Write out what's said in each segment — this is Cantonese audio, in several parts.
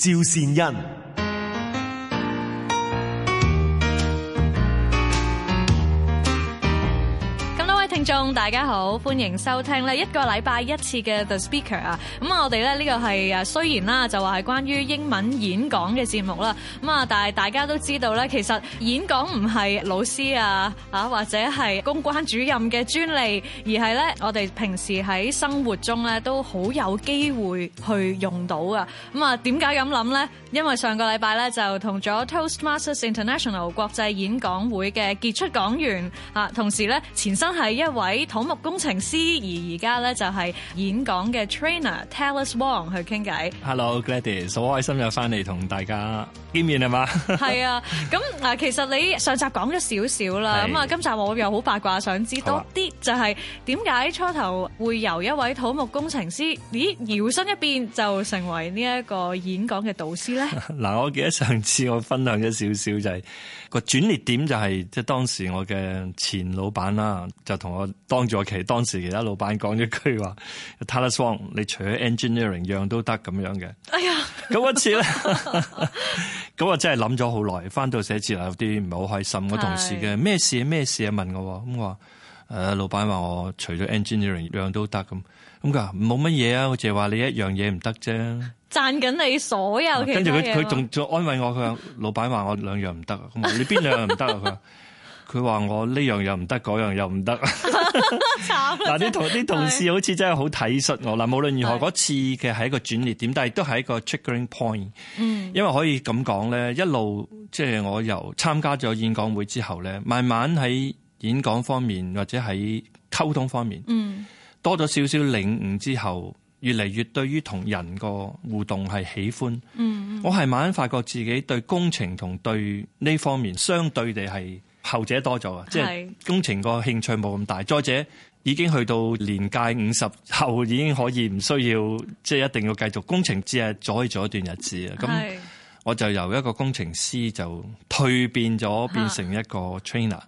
趙善人。聽眾大家好，歡迎收聽一個禮拜一次嘅 The Speaker 啊，咁、嗯、啊我哋咧呢、呢個係誒雖然啦，就話係關於英文演講嘅節目啦，咁、嗯、啊但係大家都知道咧，其實演講唔係老師啊，啊或者係公關主任嘅專利，而係咧我哋平時喺生活中咧都好有機會去用到噶，咁啊點解咁諗呢？因為上個禮拜咧就同咗 Toastmasters International 國際演講會嘅傑出講員啊，同時咧前身係一一位土木工程師，而而家咧就係演講嘅 trainer，Talis Wong 去傾偈。Hello，Gladys，好開心又翻嚟同大家見面係嘛？係 啊，咁其實你上集講咗少少啦，咁啊是，今集我又好八卦，想知多啲，就係點解初頭會由一位土木工程師，啊、咦，搖身一變就成為呢一個演講嘅導師咧？嗱， 我記得上次我分享咗少少就係，個轉捩點，就係，就係即係當時我嘅前老闆啦，就同我當咗其當時其他老闆講咗句話，Talis Wong，你除咗 engineering 樣都得咁樣嘅。哎呀，咁一次咧，咁 我真係諗咗好耐，翻到寫字樓有啲唔係好開心。我同事嘅咩？的事咩事啊？問我咁話，誒、呃，老闆話我除咗 engineering 樣都得咁，咁佢話冇乜嘢啊，就係話你一樣嘢唔得啫。讚緊你所有其他東西嘅。跟住佢佢仲再安慰我，佢話 老闆話我兩樣唔得啊，咁我你邊兩樣唔得啊？佢。 佢話我呢樣又唔得，嗰樣又唔得。嗱啲同啲同事好似真係好體恤我嗱。是無論如何，嗰是次嘅係一個轉捩點，但係都係一個 triggering point。嗯，因為可以咁講咧，一路即係、就是、我由參加咗演講會之後咧，慢慢喺演講方面或者喺溝通方面，嗯，多咗少少領悟之後，越嚟越對於同人個互動係喜歡。嗯，我係慢慢發覺自己對工程同對呢方面相對地係。後者多咗啊，即係工程個興趣冇咁大。是再者已經去到年屆五十後已經可以唔需要即係一定要繼續工程，只係阻咗一段日子啊。咁是我就由一個工程師就蛻變咗，變成一個 trainer。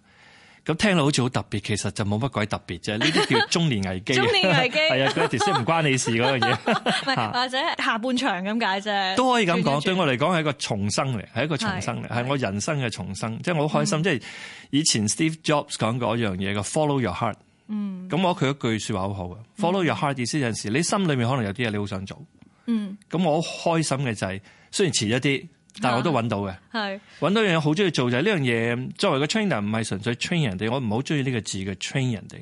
咁聽落好似好特別，其實就冇乜鬼特別啫。呢啲叫中年危機，係啊， 嗰啲先唔關你事嗰樣嘢。唔係或者下半場咁解啫，都可以咁講。轉轉對我嚟講係一個重生嚟，係一個重生嚟，係我人生嘅重生。即係我好開心。嗯、即係以前 Steve Jobs 講過一樣嘢嘅 Follow Your Heart。嗯，咁我佢一句說話好好嘅 Follow Your Heart 意思有陣時你心裏面可能有啲嘢你好想做。嗯，咁我好開心嘅就係、是、雖然遲一啲。但係我都揾到嘅，揾、啊、到樣嘢好中意做就係呢樣嘢。作為個 trainer 唔係純粹 train 人哋，我唔好中意呢個字嘅 train 人哋，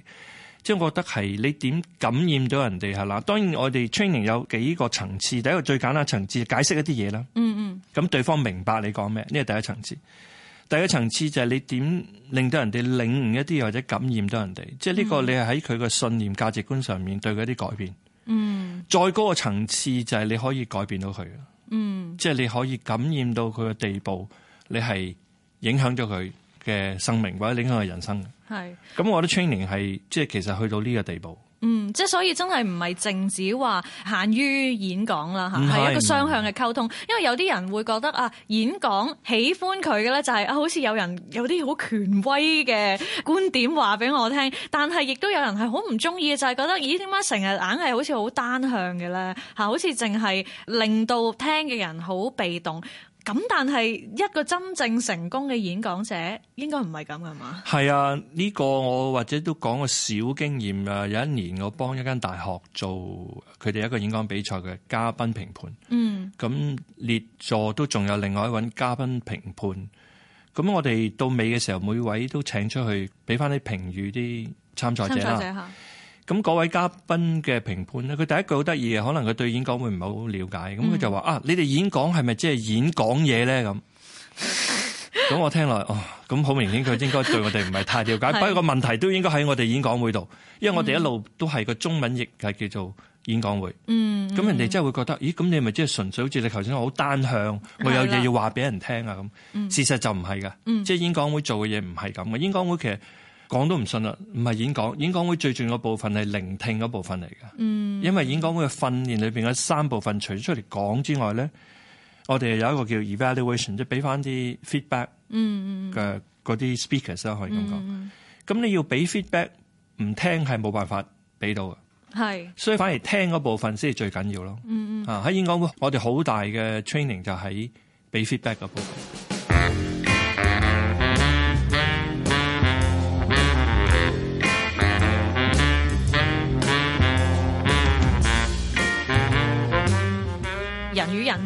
即、就、係、是、我覺得係你點感染到人哋係啦。當然我哋 training 有幾個層次，第一個最簡單層次就解釋一啲嘢啦。嗯嗯，咁對方明白你講咩，呢、這個第一層次。第二個層次就係你點令到人哋領悟一啲，或者感染到人哋，即係呢個你係喺佢個信念價值觀上面對佢啲改變。嗯，再高個層次就係你可以改變到佢。嗯，即係你可以感染到佢嘅地步，你係影響咗佢嘅生命或者影響佢人生嘅。係，咁我覺得 training 係即係、就是、其實去到呢個地步。嗯，即係所以真係唔係淨止話限於演講啦嚇，係、嗯、一個雙向嘅溝通。因為有啲人會覺得啊，演講喜歡佢嘅咧，就係啊好似有人有啲好權威嘅觀點話俾我聽。但係亦都有人係好唔中意嘅，就係覺得咦，點解成日硬係好似好單向嘅咧嚇，好似淨係令到聽嘅人好被動。咁但係一個真正成功嘅演講者，應該唔係咁嘅嘛？係啊，呢個我或者都講個小經驗啊。有一年我幫一間大學做佢哋一個演講比賽嘅嘉賓評判，嗯，咁列座都仲有另外一位嘉賓評判。咁我哋到尾嘅時候，每位都請出去俾翻啲評語啲參賽者啦。咁各位嘉賓嘅評判咧，佢第一句好得意嘅，可能佢對演講會唔係好了解，咁佢、嗯、就話：啊，你哋演講係咪即係演講嘢咧？咁，咁我聽落，哦，咁好明顯佢應該對我哋唔係太了解。不過個問題都應該喺我哋演講會度，因為我哋一路都係個中文譯係叫做演講會。嗯，嗯，嗯，咁人哋真係會覺得，咦？咁你咪即係純粹好似你頭先話好單向，我有嘢要話俾人聽啊！咁、嗯、事實就唔係噶，嗯、即係演講會做嘅嘢唔係咁嘅。演講會其實。講都唔信啦，唔係演講，演講會最重要部分係聆聽嗰部分嚟嘅，嗯、因為演講會嘅訓練裏邊嘅三部分，除咗出嚟講之外咧，我哋有一個叫 evaluation，即係俾翻啲 feedback。嗯嗯嘅嗰啲 speakers 啦，可以咁講，咁、嗯、你要俾 feedback，唔聽係冇辦法俾到嘅。係是，所以反而聽嗰部分先係最緊要咯。嗯嗯。啊，喺演講會我哋好大嘅 training 就係俾 feedback 嗰部分。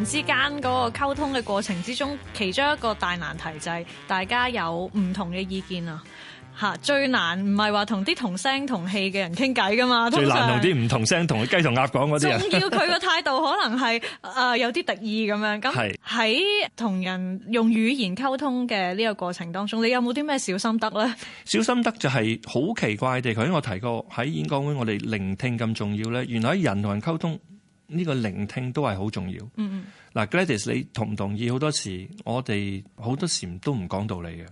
之間嗰個溝通嘅過程之中，其中一個大難題就係大家有唔同嘅意見啊！嚇，最難唔係話同啲同聲同氣嘅人傾偈噶嘛，最難同啲唔同聲同雞同鴨講嗰啲人。仲要佢個態度可能係誒、 呃、有啲敵意咁樣。咁喺同人用語言溝通嘅呢個過程當中，你有冇啲咩小心得咧？小心得就係好奇怪地，頭先我提過喺演講會，我哋聆聽咁重要咧。原來喺人同人溝通。呢個聆聽都係好重要。嗯嗯。嗱，Gladys，你同唔同意？好多時我哋好多時都唔講道理嘅，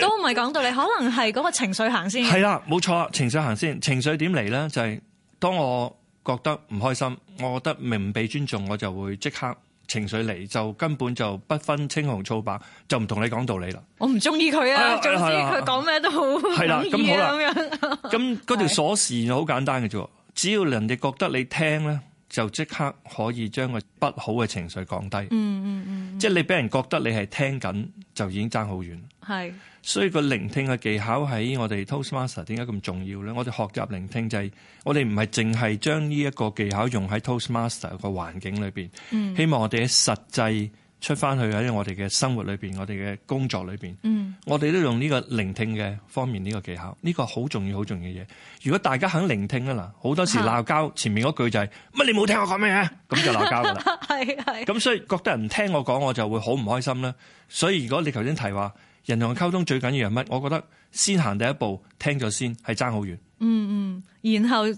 都唔係講道理， 可能係嗰個情緒行先。係啦，冇錯，情緒行先。情緒點嚟咧？就係、是、當我覺得唔開心，我覺得未唔被尊重，我就會即刻情緒嚟，就根本就不分青紅皂白，就唔同你講道理啦。我唔中意佢啊，啊總之佢講咩都好。係啦 樣，咁好啦，咁嗰條鎖匙好簡單嘅啫，的只要人哋覺得你聽咧。就即刻可以將個不好嘅情緒降低。嗯嗯嗯。嗯嗯，即係你俾人覺得你係聽緊，就已經爭好遠。係。所以個聆聽嘅技巧喺我哋 Toastmaster 點解咁重要咧？我哋學習聆聽就係、是、我哋唔係淨係將呢一個技巧用喺 Toastmaster 個環境裏面，嗯。希望我哋喺實際。出翻去喺我哋嘅生活裏面，我哋嘅工作裏邊，嗯，我哋都用呢個聆聽嘅方面呢個技巧，呢、呢個好重要好重要嘅嘢。如果大家肯聆聽啊，嗱，好多時鬧交前面嗰句就係、是、乜是你冇聽我講咩啊，咁就鬧交噶啦。咁 是所以覺得人聽我講，我就會好唔開心啦。所以如果你頭先提話人同人溝通最緊要係乜，我覺得先行第一步聽咗先係爭好遠。嗯嗯，然後有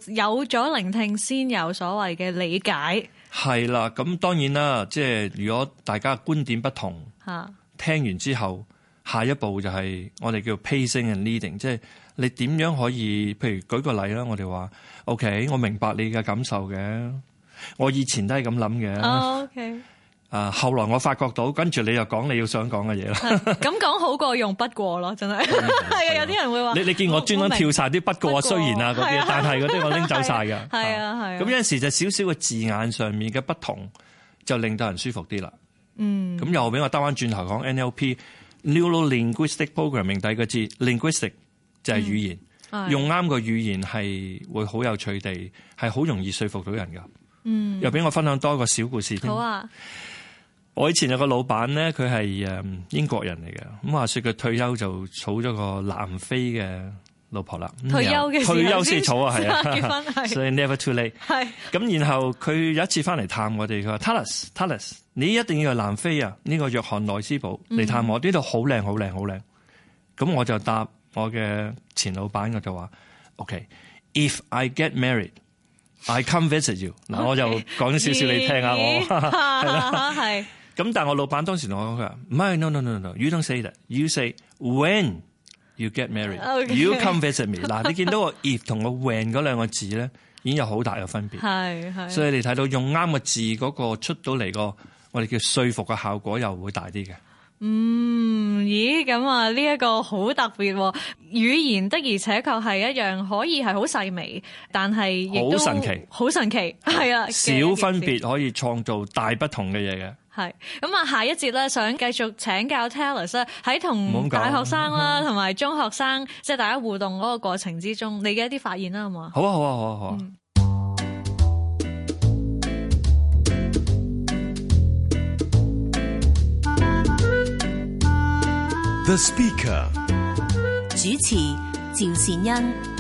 咗聆聽先有所謂嘅理解。係啦，咁當然啦，即係如果大家觀點不同，聽完之後，下一步就係我哋叫 pacing and leading，即係你點樣可以，譬如舉個例啦，我哋話，OK，我明白你嘅感受嘅，我以前都係咁諗嘅。Oh, okay. 啊！後來我發覺到，跟住你又講你要想講嘅嘢啦。咁講好過用不過咯，真係係啊！有啲人會話「你你見我專登跳晒啲不過雖然啊嗰啲，的的但係嗰啲我拎走晒㗎。」係啊係。咁有陣時就少少嘅字眼上面嘅不同，就令到人舒服啲啦。嗯。咁又俾我兜翻轉頭講 NLP（Neuro Linguistic Programming） 第一個字 linguistic 就係語言，嗯、用啱個語言係會好有趣地，係好容易說服到人噶。嗯。又俾我分享多個個小故事好啊。我以前有個老闆咧，佢係誒英國人嚟嘅。咁話說佢退休就儲咗個南非嘅老婆啦。退休嘅退休先儲啊，係啊，所以、so、never too late 是。係咁，然後佢有一次翻嚟探我哋，佢話 t a l u s t a l u s 你一定要去南非啊，呢、這個約翰內斯堡嚟探我，呢度好靚，好靚，好靚。咁我就答我嘅前老闆我就話，OK，if、okay, I get married，I come visit you。嗱，Okay, 我就講少少你聽下，我 係、啊。咁，但係我老闆當時同我講佢話唔係，no no no no，you don't say that。you say when you get married，you come visit me。嗱， 你見到個 if 同個 when 嗰兩個字咧，已經有好大嘅分別。係係，所以你睇到用啱個字，嗰個出到嚟個我哋叫說服嘅效果又會大啲嘅。嗯，咦，咁啊，呢、這、一個好特別、啊，語言的而且確係一樣可以係好細微，但係亦都好神奇，好神奇，係啊的，小分別可以創造大不同嘅嘢嘅。係咁啊！下一節咧，想繼續請教 Talis 咧，喺同大學生啦，同埋中學生，即係大家互動嗰個過程之中，你嘅一啲發現啦，好嘛？好啊，好啊，好啊，好啊、嗯。The Speaker 主持趙善恩。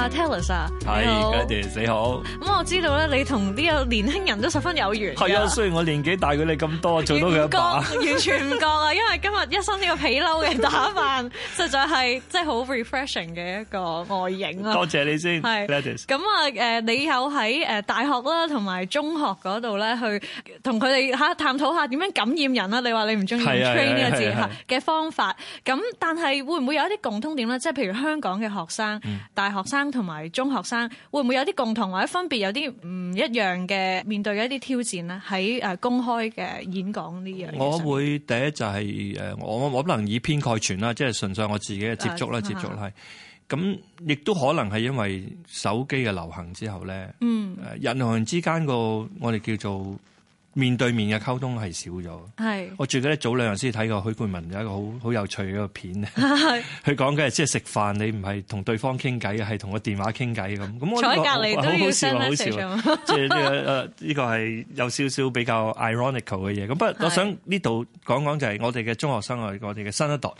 啊，Talis 啊，係，多謝你好。咁、嗯、我知道咧，你同呢個年輕人都十分有緣。係啊，雖然我年紀大過你咁多，做到佢一霸。完全唔覺啊， 因為今日一身呢個皮褸嘅打扮， 實在係即係好 refreshing 嘅一個外型啊。多謝，謝你先，係，多謝是。咁啊謝，誒，你有喺誒大學啦，同埋中學嗰度咧，去同佢哋吓探討下點樣感染人啦。你話你唔中意 train 呢個字吓嘅方法，咁但係會唔會有一啲共通點咧？即、就、係、是、譬如香港嘅學生，嗯、大學生。同埋中學生會唔會有啲共同或者分別，有啲唔一樣嘅面對嘅一啲挑戰咧？喺誒公開嘅演講呢樣嘢，我會第一就係誒，我我不能以偏概全啦，即係純粹我自己嘅接觸啦，接觸啦。咁亦都可能係因為手機嘅流行之後咧，誒人同人之間個我哋叫做。面對面嘅溝通係少咗，係是我住嗰啲早兩日先睇過許冠文有一個好好有趣嘅片，佢講嘅係即係食飯，你唔係同對方傾偈，係同個電話傾偈咁。咁我呢、坐喺隔籬好好笑，好笑，即係呢個係、這個、有少少比較 ironical 嘅嘢。咁是不過我想呢度講講就係我哋嘅中學生，我哋嘅新一代，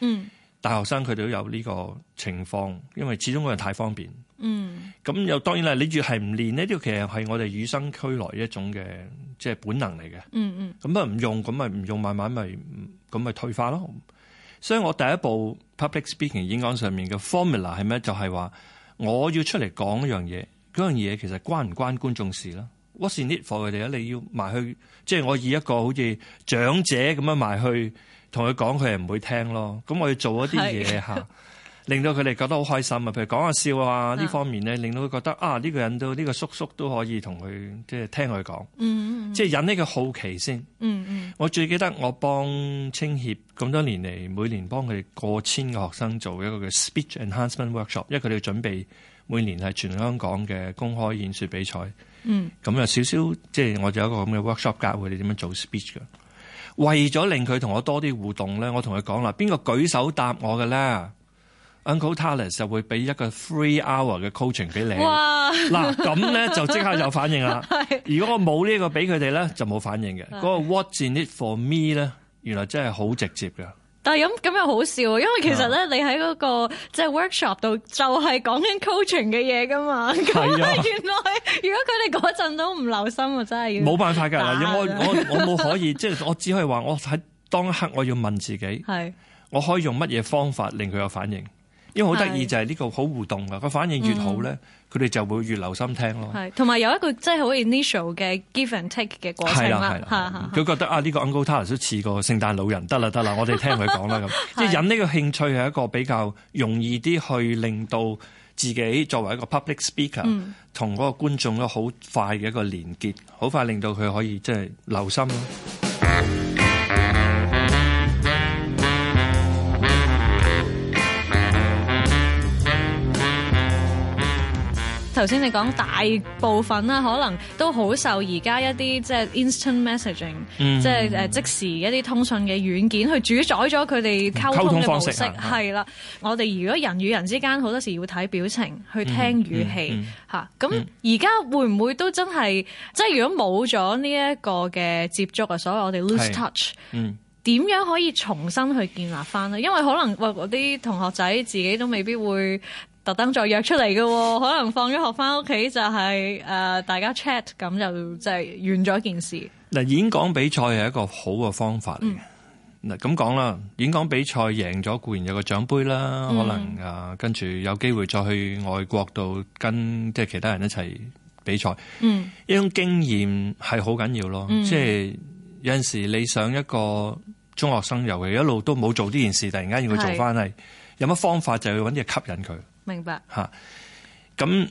嗯，大學生佢哋都有呢個情況，因為始終個人太方便。嗯，咁又當然啦，你越係唔練咧，呢個其實係我哋與生俱來一種嘅即係本能嚟嘅、嗯。嗯嗯，咁啊唔用，咁咪唔用，慢慢咪咁咪退化咯。所以我第一步 public speaking 演講上面嘅 formula 係咩？就係、是、話我要出嚟講一樣嘢，嗰樣嘢其實關唔關觀眾事啦？What’s in it need for 佢哋咧？你要埋去，即、就、係、是、我以一個好似長者咁樣埋去同佢講，佢係唔會聽咯。咁我要做一啲嘢嚇。是的 下令到佢哋覺得好開心啊！譬如講下笑啊，呢方面咧，Yeah. 令到佢覺得啊，呢、呢個人都呢、呢個叔叔都可以同佢、就是 mm hmm. 即係聽佢講，即係引呢個好奇先。Mm hmm. 我最記得我幫青協咁多年嚟，每年幫佢哋過千個學生做一個叫 speech enhancement workshop，因為佢哋準備每年係全香港嘅公開演説比賽。咁、mm hmm. 有少少即係我就有一個咁嘅 workshop 教佢哋點樣做 speech 嘅。為咗令佢同我多啲互動咧，我同佢講啦，邊個舉手答我嘅咧？Uncle Talis 就會俾一個 free hour 嘅 coaching 俾你，嗱咁咧就即刻 是的 有，有反應啦。如果我冇呢個俾佢哋咧，就冇反應嘅。嗰個 What’s in it for me 咧，原來真係好直接嘅。但係咁咁又好笑，因為其實咧，你喺嗰個即係 workshop 度就係講緊 coaching 嘅嘢噶嘛。咁原來如果佢哋嗰陣都唔留心，真係冇辦法㗎。嗱，我我我冇可以，即係我只可以話，我喺當刻我要問自己，是的 我可以用乜嘢方法令佢有反應？因為好得意就係呢個好互動噶，個反應越好咧，佢哋、嗯、就會越留心聽咯。係同埋有一個真係好 initial 嘅 give and take 嘅過程啦。佢覺得啊，呢、這個 Uncle Talis 都似個聖誕老人，得啦得啦，我哋聽佢講啦。咁即係引呢個興趣係一個比較容易啲去令到自己作為一個 public speaker 同嗰、嗯、個觀眾好快嘅一個連結，好快令到佢可以即係、就是、留心咯。頭先你講大部分啦，可能都好受而家一啲即係 instant messaging、嗯、即係即，即時一啲通訊嘅軟件去主宰咗佢哋溝通嘅模式，係啦。是的嗯、我哋如果人與人之間好多時要睇表情，去聽語氣吓，咁而家會唔會都真係即係如果冇咗呢一個嘅接觸啊？所謂我哋 lose touch，點樣可以重新去建立翻呢？因為可能喂啲同學仔自己都未必會。特登再約出嚟嘅，哦，可能放咗學翻屋企就係、是、誒、呃，大家 chat 咁就即係完咗件事。嗱、嗯，演講比賽係一個好嘅方法嚟嘅嗱。咁講啦，演講比賽贏咗固然有個獎盃啦，嗯，可能啊跟住有機會再去外國度跟即係其他人一齊比賽。嗯，呢種經驗係好緊要咯，嗯，即係有陣時你想一個中學生尤其一路都冇做呢件事，突然間要佢做翻，係是有乜方法就去搵啲嘢，吸引佢。明白吓，咁、啊、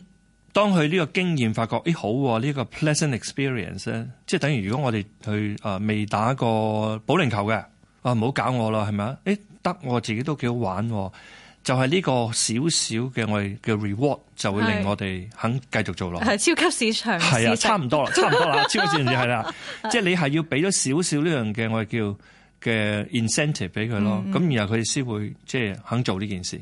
當佢呢個經驗發覺，誒、欸、好喎、啊，呢、這個 pleasant experience 咧，即係等於如果我哋去未、呃、打過保齡球嘅，啊唔好搞我啦，係咪啊？得、欸、我自己都幾好玩，就係、是、呢個少少嘅我哋嘅 reward 就會令我哋肯繼續做落，係超級市場，係啊，場啊，差唔多啦，差唔多啦， 超級市場係啦，是啊、 即係你係要俾咗少少呢樣嘅我哋叫。嘅 incentive 俾佢咯，咁、嗯、然後佢哋先會即係、就是、肯做呢件事。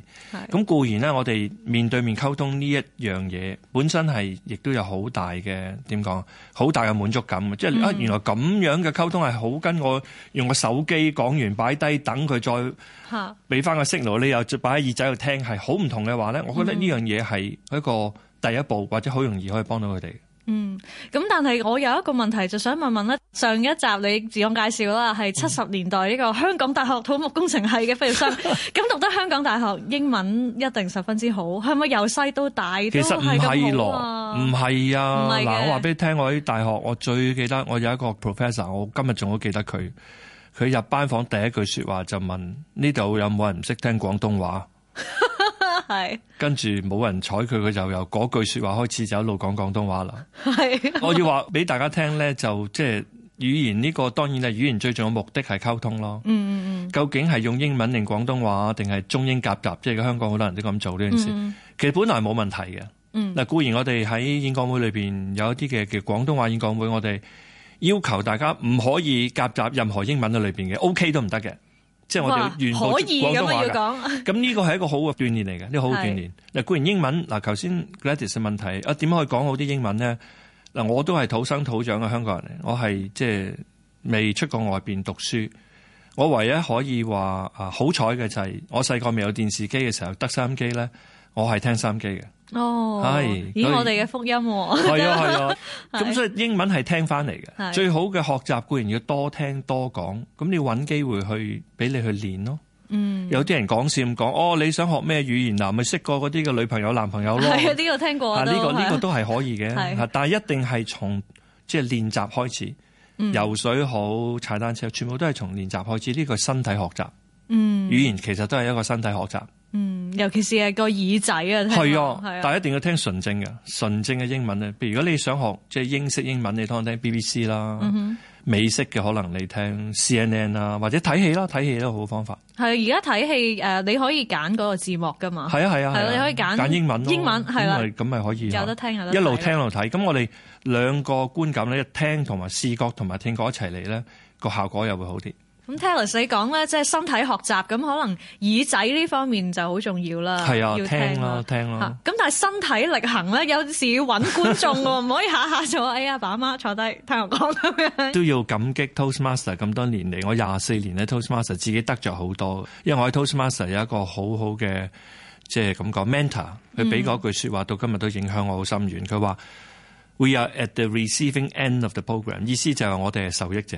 咁是固然咧，我哋面對面溝通呢一樣嘢，本身係亦都有好大嘅點講，好大嘅滿足感。即係、嗯就是、啊，原來咁樣嘅溝通係好跟我用個手機講完擺低等佢再吓俾翻個 signal，你又擺喺耳仔度聽，係好唔同嘅話咧。我覺得呢樣嘢係一個第一步，或者好容易可以幫到佢哋。嗯，咁但係我有一個問題，就想問問咧，上一集你自我介紹啦，係七十年代呢個香港大學土木工程系嘅畢業生。咁 讀得香港大學英文一定十分之好，係咪由細到大其實都係咁好啊？唔係啊，嗱，我話俾你聽，我喺大學我最記得我有一個 professor，我今日仲好記得佢，佢入班房第一句說話就問：呢度有冇人唔識聽廣東話？ 係，是跟住冇人睬佢，佢就由嗰句說話開始，就一路講廣東話啦。係是， 我要話俾大家聽咧，就即係語言呢、這個當然係語言最重要的目的係溝通咯。嗯。究竟係用英文定廣東話定係中英夾雜，即、就、係、是、香港好多人都咁做呢件事。嗯、其實本來冇問題嘅。嗯。嗱，固然我哋喺演講會裏邊有一啲嘅嘅廣東話演講會，我哋要求大家唔可以夾雜任何英文喺裏邊嘅，OK 都唔得嘅。即係我哋原廣東要講，咁呢個係一個好嘅鍛鍊嚟嘅，呢、呢個好，好嘅鍛鍊。嗱是固然英文，嗱頭先 Gladys 嘅問題，啊點可以講好啲英文咧？嗱我都係土生土長嘅香港人，我係即係未出過外邊讀書。我唯一可以話啊好彩嘅就係，我細個未有電視機嘅時候得收音機咧。我係聽心機嘅，係以我哋嘅福音，係啊係啊，咁所以英文係聽翻嚟嘅，最好嘅學習固然要多聽多講，咁你要揾機會去俾你去練咯。嗯，有啲人講先咁講，哦，你想學咩語言嗱，咪識過嗰啲嘅女朋友男朋友咯，係啊，呢個聽過啊，呢個呢個都係可以嘅，但係一定係從即係練習開始，游水好，踩單車，全部都係從練習開始，呢個係身體學習，嗯，語言其實都係一個身體學習。嗯，尤其是係個耳仔啊，係啊，但係一定要聽純正嘅，純的正嘅英文咧。比如果你想學即係英式英文你聽聽，你當然聽 BBC 啦、嗯哼，美式嘅可能你聽 CNN 啦，或者睇戲啦，睇戲都好方法。係而家睇戲誒，你可以揀嗰個字幕噶嘛？係啊係啊係，你可以揀揀英,英文，英文係啦，咁咪可以有得聽有得一路聽一路睇。咁我哋兩個觀感咧，一聽同埋視覺同埋聽覺一齊嚟咧，個效果又會好啲。咁 Talis 你講咧，即係身體學習，咁可能耳仔呢方面就好重要啦。係啊的，要聽咯，聽咯吧。咁但係身體力行咧，有時要搵觀眾喎，唔 可以下下就話哎呀，爸阿媽坐低聽我講 都要感激 Toastmaster 咁多年嚟，我廿四年咧 Toastmaster 自己得咗好多，因為我喺 Toastmaster 有一個好好嘅即係咁講 mentor，佢俾嗰句說話、嗯、到今日都影響我好深遠。佢話 We are at the receiving end of the program，意思就係我哋係受益者。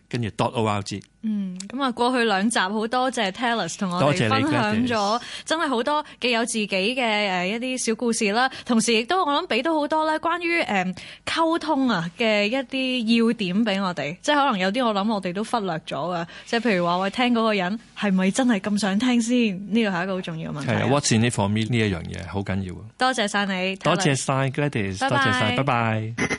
跟住 dot org。嗯，咁啊，過去兩集好多謝 Talis 同我哋分享咗，真係好多既有自己嘅一啲小故事啦，同時亦都我諗俾到好多咧關於誒、嗯、溝通啊嘅一啲要點俾我哋，即係可能有啲我諗我哋都忽略咗嘅，即係譬如話我聽嗰個人係咪真係咁想聽先？呢個係一個好重要嘅問題。What’s in it for me 呢一樣嘢好緊要。多謝晒你，多謝晒，Gladys 多謝晒，拜拜 Gladys。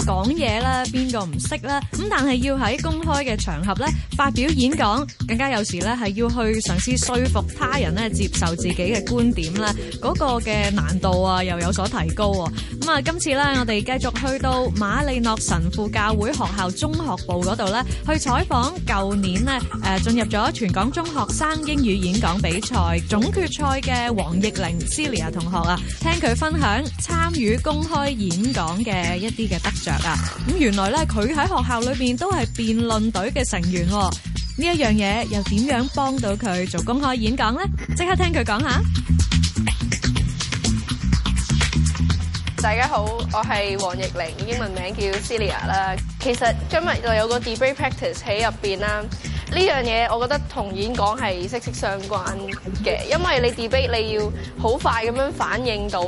講嘢啦，邊個唔識啦？咁但係要喺公開嘅場合咧，發表演講，更加有時咧係要去嘗試說服他人咧接受自己嘅觀點咧，嗰個嘅難度啊又有所提高。咁啊，今次咧我哋繼續去到瑪利諾神父教會學校中學部嗰度咧，去採訪舊年咧誒進入咗全港中學生英語演講比賽總決賽嘅黃奕玲 Celia 同學啊，聽佢分享參與公開演講嘅一啲嘅得着啊！咁原來咧，佢喺學校裏邊都係辯論隊嘅成員。呢一樣嘢又點樣幫到佢做公開演講咧？即刻聽佢講下。大家好，我係黃奕玲，英文名叫 Celia 啦。其實今日就有個 debate practice 喺入邊啦。呢樣嘢我覺得同演講係息息相關嘅，因為你 debate 你要好快咁樣反應到，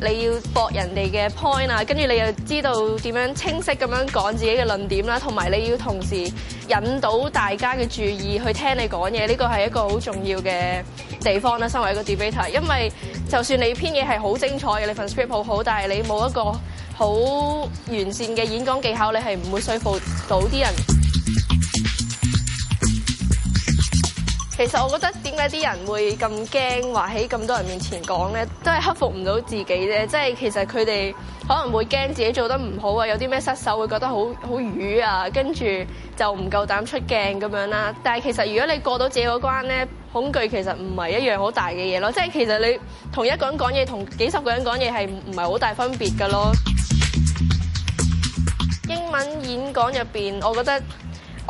你要駁人哋嘅 point 啊，跟住你又知道點樣清晰咁樣講自己嘅論點啦，同埋你要同時引到大家嘅注意去聽你講嘢，呢個係一個好重要嘅地方啦。身為一個 debater，因為就算你篇嘢係好精彩，你份 script 好好，但係你冇一個好完善嘅演講技巧，你係唔會說服到啲人。其實我覺得點解啲人會咁驚話喺咁多人面前講呢？都係克服唔到自己啫。即係其實佢哋可能會驚自己做得唔好啊，有啲咩失手會覺得好好瘀啊，跟住就唔夠膽出鏡咁樣啦。但係其實如果你過到自己嗰關呢，恐懼其實唔係一樣好大嘅嘢咯。即係其實你同一個人講嘢同幾十個人講嘢係唔唔係好大分別噶咯？英文演講入邊，我覺得。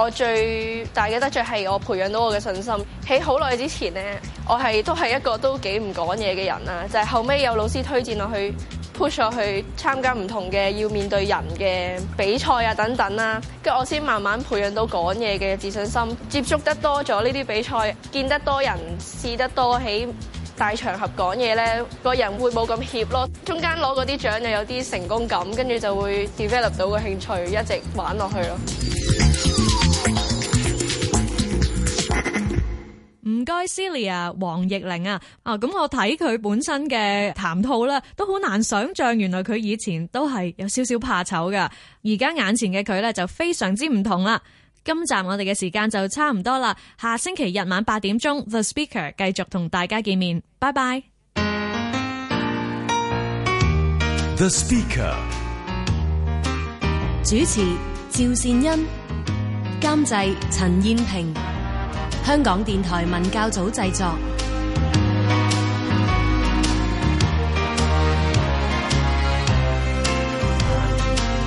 我最大嘅得著係我培養到我嘅信心。喺好耐之前呢，我係都係一個都幾唔講嘢嘅人啦。就係後尾有老師推薦我去 push 我去參加唔同嘅要面對人嘅比賽啊等等啦，跟住我先慢慢培養到講嘢嘅自信心。接觸得多咗呢啲比賽，見得多人，試得多喺大場合講嘢呢，個人會冇咁怯咯。中間攞嗰啲獎又有啲成功感，跟住就會 develop 到個興趣，一直玩落去咯。唔該，Celia，黃奕玲啊，啊，咁我睇佢本身嘅談吐啦，都好難想象，原來佢以前都係有少少怕醜㗎。而家眼前嘅佢咧就非常之唔同啦。今集我哋嘅時間就差唔多啦，下星期日晚八點鐘，The Speaker 繼續同大家見面，拜拜。The Speaker 主持趙善恩，監製陳燕平。香港電台文教組製作。